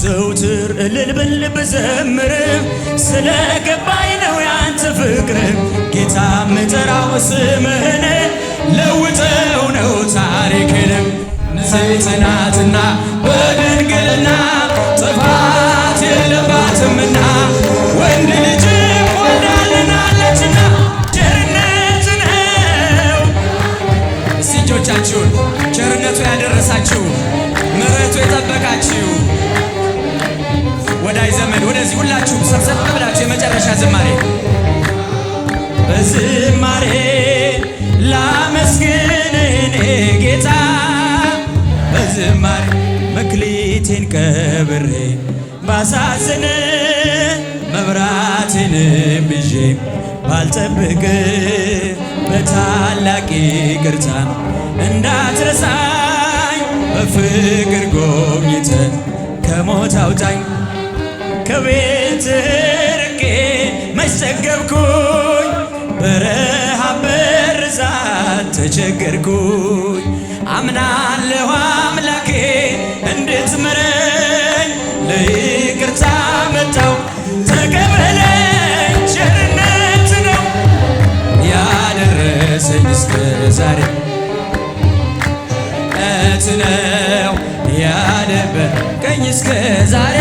ዘውትር እልል ብል ብዘምር ስለ ገባኝ ነው ያንተ ፍቅር ጌታ ምጠራው ስምህን ለውጠው ነው ታሪክን ንጽሕት በድንግልና ጥፋት የለባትምና ወንድ ልጅ ወዳልናለችና ቸርነት ነው እስጆቻችሁን ቸርነቱ ያደረሳችሁ ምሕረቱ የጠበቃችሁ ሰብሰብ ብላችሁ የመጨረሻ ዝማሬ በዝማሬ ላመስግንህ ጌታ በዝማሬ መክሊቴን ቀብሬ ባሳዝን መብራቴን ብዤ ባልጠብቅ በታላቅ ይቅርታ እንዳትረሳኝ በፍቅር ጎብኝተ ከሞት አውጣኝ ከቤት ርቄ መሰገብኩኝ በረሃ በርዛት ተቸገርኩኝ። አምናለሁ አምላኬ እንዴት ምረኝ ለይቅርታ መጣው ተቀበለኝ ቸርነት ነው ያደረሰኝ እስከ ዛሬ ነት ነው ያደበቀኝ እስከ ዛሬ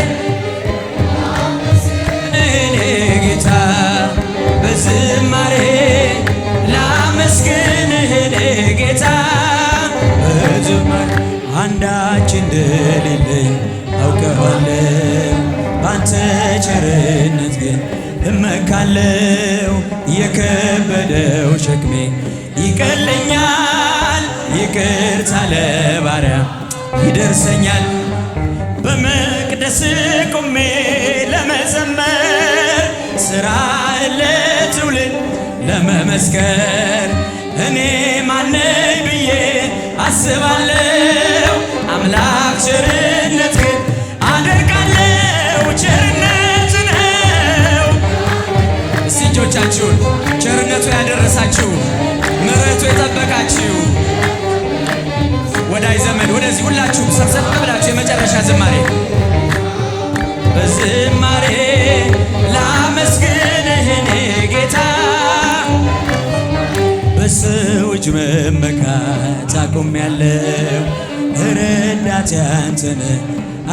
አንዳች እንደሌለኝ አውቀዋለሁ። ባንተ ቸርነት ግን እመካለሁ። የከበደው ሸክሜ ይቀለኛል። ይቅርታ ለባሪያ ይደርሰኛል። በመቅደስ ቁሜ ለመዘመር ስራ ለትውልድ ለመመስከር እኔ ማነኝ ብዬ አስባለው አምላክ ቸርነት ግን አደርጋለው ቸርነት ነው። እስቲ ቸርነቱ ያደረሳችሁ ምሕረቱ የጠበቃችሁ ወዳይ ዘመድ ወደዚህ ሁላችሁ ሰብሰብ ብላችሁ የመጨረሻ ዝማሬ በዝማሬ መመካት አቁሜያለሁ። ረዳቴ አንተነህ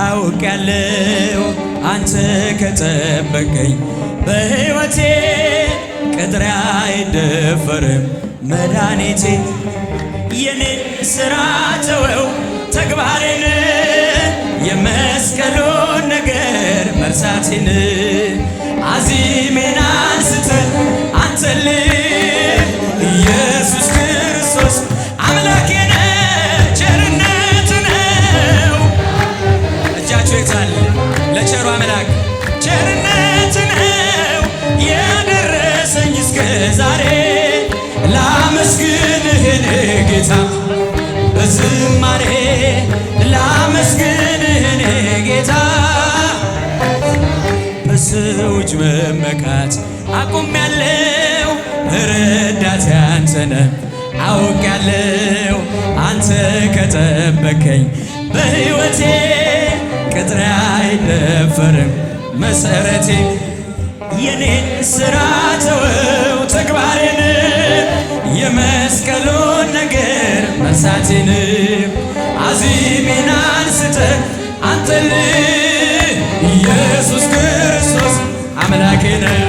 አውቄያለሁ። አንተ ከጠበቀኝ በሕይወቴ ቅጥሬ አይደፈርም መድኃኒቴ። የኔ ሥራ ተወው ተግባሬን የመስቀሉን ነገር መርሳቴን አዚሜን አንስተ አንተል እንደሆነም አውቃለሁ። አንተ ከጠበከኝ በሕይወቴ ቅጥሬ አይደፈርም መሰረቴ የኔን ስራ ተወው ተግባሬን የመስቀሉን ነገር መሳቴን አዚሜን አንስተ አንተን ኢየሱስ ክርስቶስ አምላኬ ነው።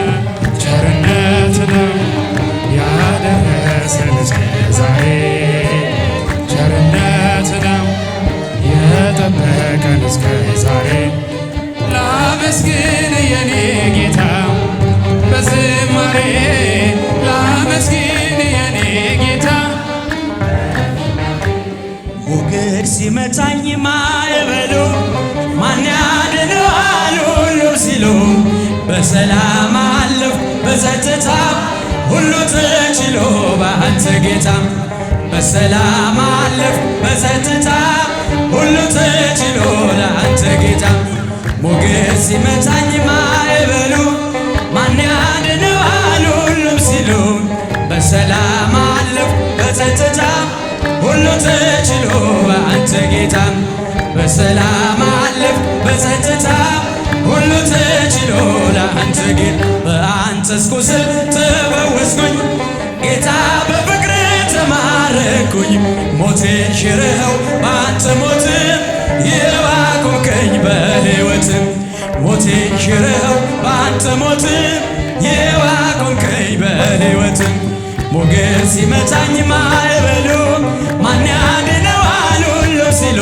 እስከ ዛሬ ቸርነት ነው የጠበቀን እስከ ዛሬ ላመስግን የኔ ጌታ በዝማሬ ላመስግን የኔ ጌታ ሞገድ ሲመታኝ ማዕበሉ ማን ያድነዋል ሁሉ ሲሉ በሰላም ጌታ በሰላም አለፍ በጸጥታ ሁሉ ተችሎ ለአንተ ጌታ ሞገስ ሲመታኝ ማይበሉ ማን ያድነዋል ሁሉም ሲሉ በሰላም አለፍ በጸጥታ ሁሉ ተችሎ አንተ ጌታ በሰላም አለፍ በጸጥታ ሁሉ ተችሎ ለአንተ ጌታ በአንተ ስኩስል ተበው ሽረኸው አንተ ሞትን የዋቆምከኝ በሕይወትም ሞቴን ሽረኸው አንተ ሞትን የዋቆምከኝ በሕይወትም ሞገስ ሲመታኝ ማይበሉ ማን ያድነዋል ሁሉ ሲሉ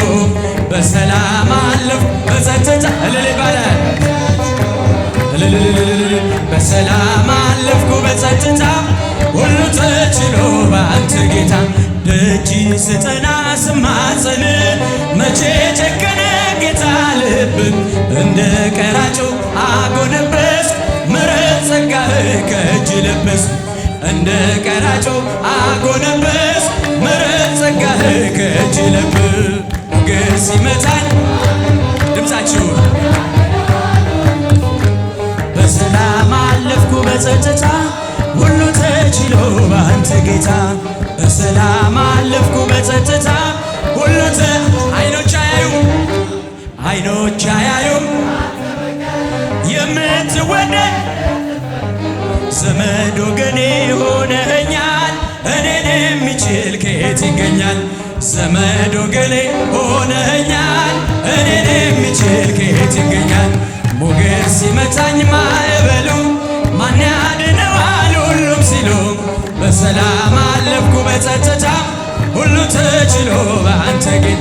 በሰላም አለፍ በጸጥታ እልል ይባላል በሰላም አለፍኩ በጸጥታ ሁሉ ስጠና ስማጽን መቼ ጨከነ ጌታ ልብን እንደ ቀራጩ አጎነበስ ምረት ጸጋህ ከእጅ ልብስ እንደ ቀራጩ አጎነበስ ምረት ጸጋህ ከእጅ ልብ ግን ሲመታን ድምፃችሁ በሰላም አለፍኩ በጸጥታ ሁሉ ተችሎ ባንተ ጌታ በሰላም አለፍኩ በጸጥታ ሁሎተ አይኖች አያዩ አይኖች አያዩ የምትወደድ ዘመድ ወገኔ ሆነኛል። እኔን የሚችል ከየት ይገኛል? ዘመድ ወገኔ ሆነኛል። እኔን የሚችል ከየት ይገኛል? ሞገስ ሲመታኝ ማዕበል በሰላም አለፍኩ በጸጥታ ሁሉ ተችሎ በአንተ ግን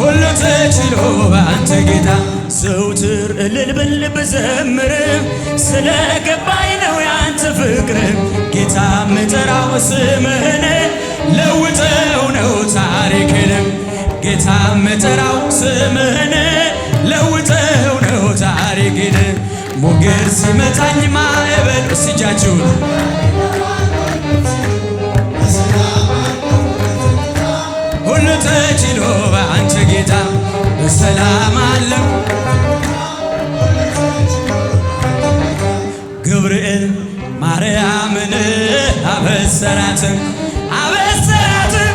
ሁሉ ተችሎ በአንተ ጌታ ዘውትር እልል ብል ብዘምር ስለገባኝ ነው ያንተ ፍቅር ጌታ ምጠራው ስምህን ለውጠው ነው ታሪክንም ጌታ ምጠራው ስምህን ሞገድ ሲመታኝ ማዕበል እስጃችሁን ሁሉ ተችሎ በአንተ ጌታ በሰላም አለው። ገብርኤል ማርያምን አበሰራትም አበሰራትም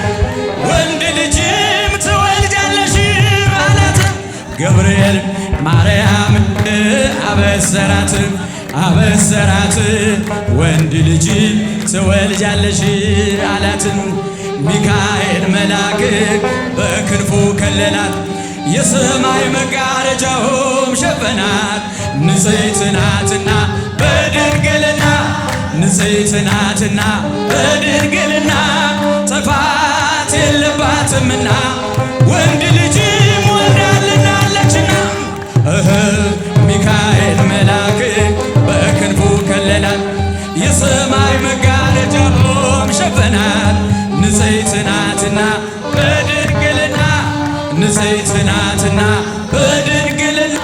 ወንድ ልጅም ትወልዳለሽ አላት ገብርኤል ማርያም አበሰራት አበሰራት ወንድ ልጅ ትወልጃለሽ አላትን። ሚካኤል መልአክ በክንፉ ከለላት የሰማይ መጋረጃውም ሸፈናት። ንጽሕት ናትና በድንግልና ንጽሕት ናትና በድንግልና ጥፋት የለባትምና ወንድ ልጅ የሰማይ መጋረጃም ሸፈናት ንጽሕት ናትና በድንግልና ንጽሕት ናትና በድንግልና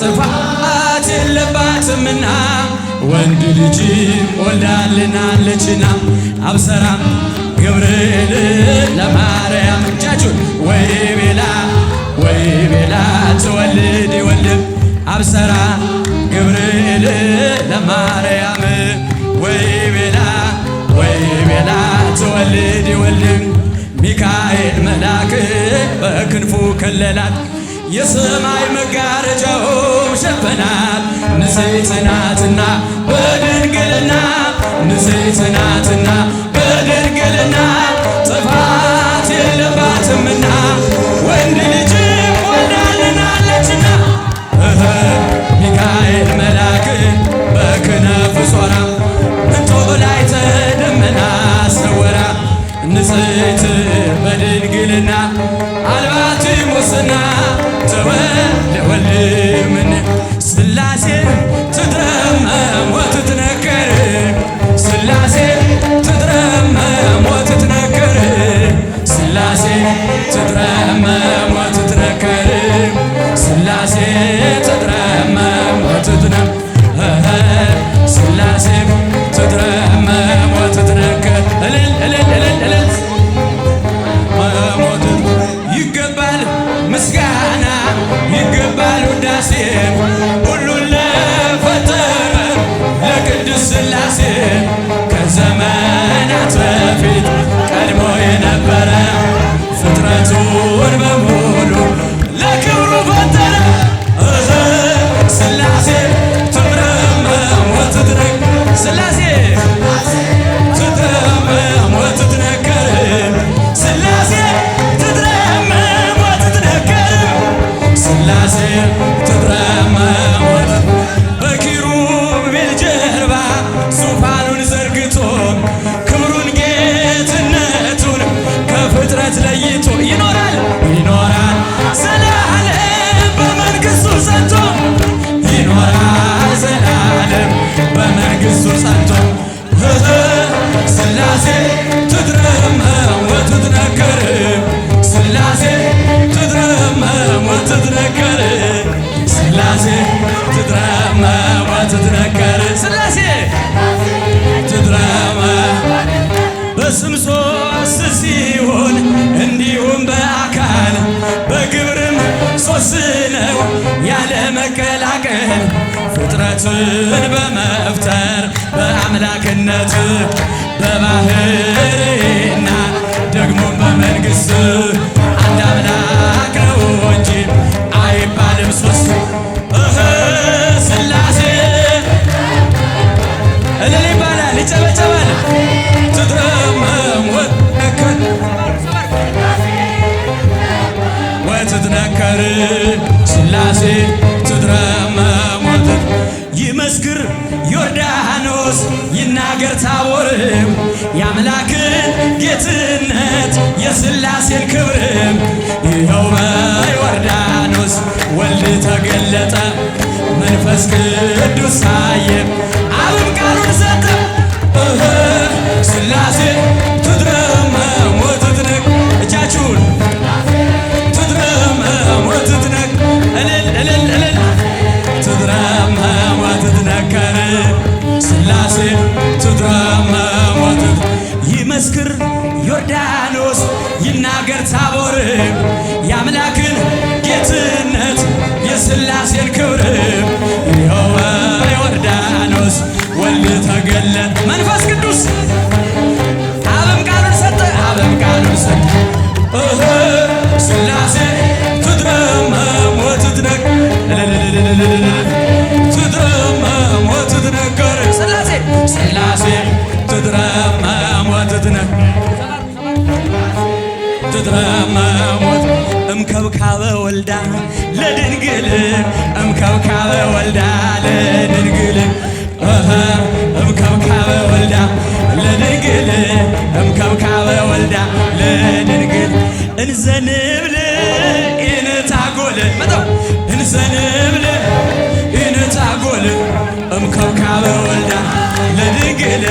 ጥፋት የለባትምና ወንድ ልጅ ወልዳልናለችና አብሰራም ገብርኤል ለማርያም እጃችሁን ወይ ቤላ ወይ ቤላ ትወልድ አብሰራ ገብርኤል ለማርያም ወይ ቤላ ትወልድ ይወልም ሚካኤል መላክ በክንፉ ከለላት የሰማይ መጋረጃውም ሸፈናት ንጽሕት ናትና በድንግልና ንጽሕት ናትና በድንግልና ጥፋት የለባትምና ወንድ ልጅ ንጽሕተ ደመና ሰወራ ንጽሕት በድንግልና አልባቲ ሙስና ተወልደ ወልድ what about መንግሥቱ ጸንቶ ሥላሴ ትትረመም ወትትነከር ሥላሴ ትትረመም ወትትነከር ሥላሴ ትትረመም ወትትነከር ሥላሴ ትትረመም በስም ሦስት ሲሆን እንዲሁም በአካል በግብርም ሦስት ነው ያለ መቀላቀል ፍጥረትን በመፍጠር በአምላክነት በባህርና ደግሞ በመንግስት አንድ አምላክ ነው እንጂ አይባልም ሶስት ሥላሴ እልል ይባላል፣ ይጨበጨባል ትትረመወት ወትትነከር ሥላሴ ይመስክር ዮርዳኖስ ይናገር ታቦርም የአምላክን ጌትነት የስላሴን ክብርም ይኸው በዮርዳኖስ ወልድ ተገለጠ መንፈስ ቅዱስ ሳየም ስላሴ ትድመም ወትትነግ ትድመም ወትትነገር ስላሴ ስላሴ ትድረመም ወትትነግ ትድረመም ወት እምከብካበ ወልዳ ለድንግል እምከብካበ ወልዳ ለድንግል እምከብካበ ወልዳ ለድንግል እምከብካበ ወልዳ ለድንግል እንዘንብል ኢንታጎል መጣው እንዘንብል ኢንታጎል እምከብካበ ወልዳ ለድንግል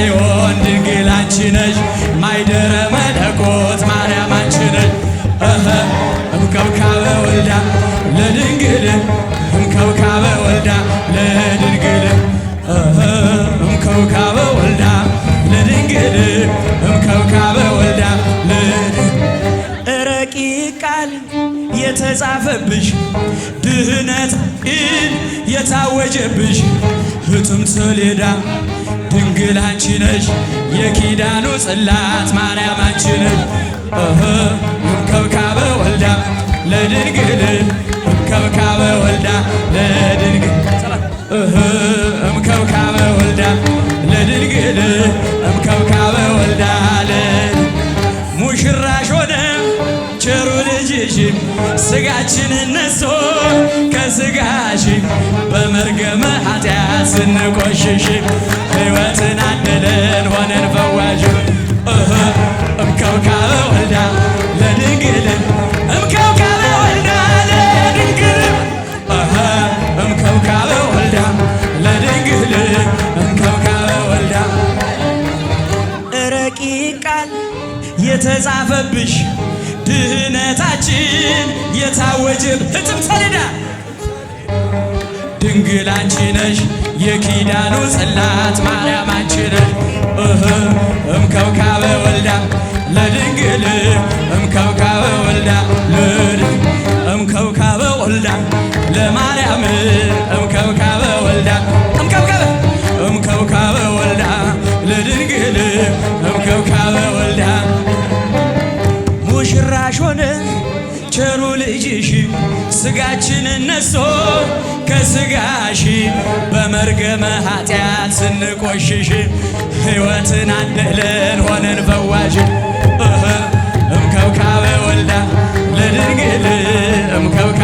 ጽዮን ድንግል አንቺ ነሽ ማይደረ መለኮት ማርያም አንቺ ነሽ እምከብካበ ወልዳ ለድንግል እምከብካበ ወልዳ ለድንግል እምከብካበ ወልዳ ለድንግል እምከብካበ ወልዳ ረቂቅ ቃል የተጻፈብሽ ድህነት ታወጀብሽ ህትምት ሌዳ ድንግል አንቺ ነሽ የኪዳኑ ጽላት ማርያም አንቺ ነሽ እንከብካበ ወልዳ ለድንግል እንከብካበ ወልዳ ለድንግል እምከብካበ ወልዳ ለድንግል እምከብካበ ወልዳ ሙሽራሽ ሆነ ቸሩ ልጅሽ ስጋችንን ከመርገመ ኃጢአት ስንቆሽሽ ሕይወትን አደለን ሆነን ፈዋሽ እምከብካበ ወልዳ ለድንግልን እምከብካበ ወልዳ ወልዳ ለድንግልን እምከብካበ ወልዳ እረቂ ቃል የተጻፈብሽ ድህነታችን የታወጀ ህትም ሰሌዳ ድንግል አንቺ ነሽ የኪዳኑ ጽላት ማርያም አንቺ ነሽ እምከብካበ ወልዳ ለድንግል እምከብካበ ወልዳ እምከብካበ ወልዳ ለማርያም እምከብካበ ወልዳ እምከብካበ እምከብካበ ወልዳ ለድንግል እምከብካበ ወልዳ ሙሽራሽ ሆነ ቸሩ ልጅሽ ስጋችንን ነሶ ከስጋሽ በመርገመ ኃጢአት ስንቆሽሽ ሕይወትን አደለን ሆነን ፈዋሽ እምከብካበ ወልዳ ለድንግል እምከብካ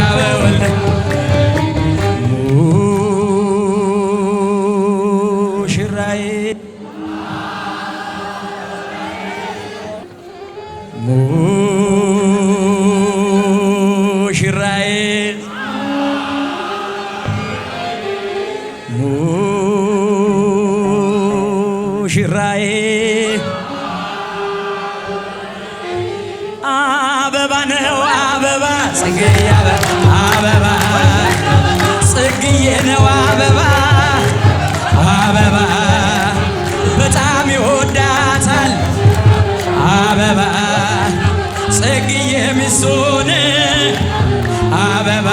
የእርሱን አበባ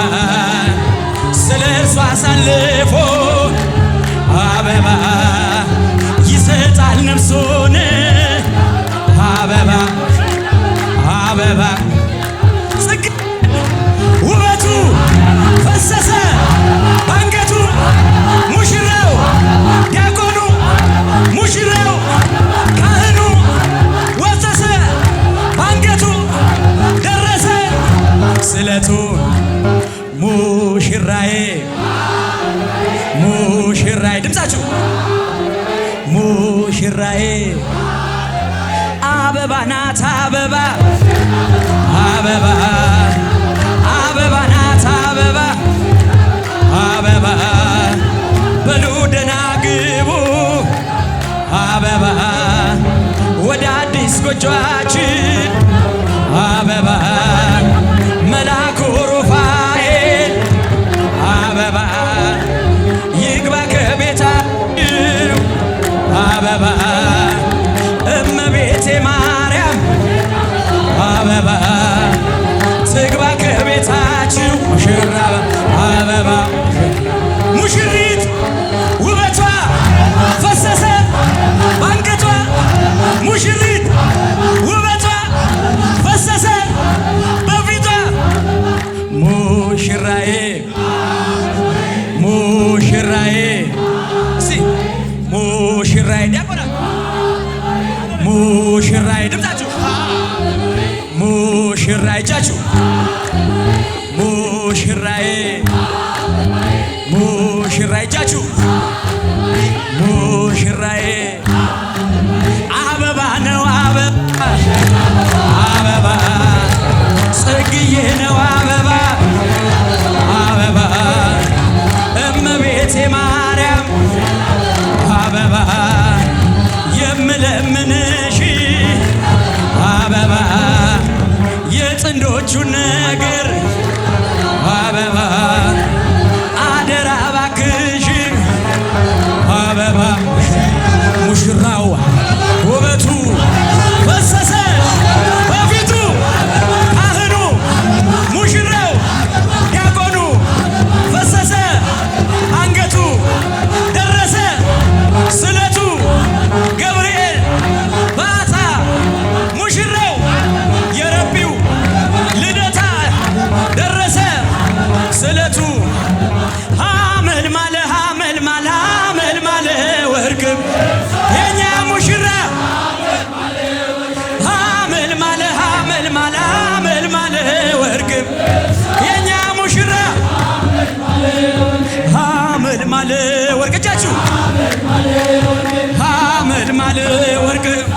ስለ እርሱ አሳልፎ ሙሽራዬ ሙሽራዬ ድምጻችሁ ሙሽራዬ አበባ ናት አበባ አበባ አበባ ናት አበባ አበባ በሉ ደና ግቡ አበባ ወደ አዲስ ጎጆአችን አበባ ይህ ነው አበባ አበባ እመቤቴ ማርያም አበባ የምለምንሽ አበባ የጥንዶቹን ማለ ወርቅ እጃችሁ ሐመድ ማለ ወርቅ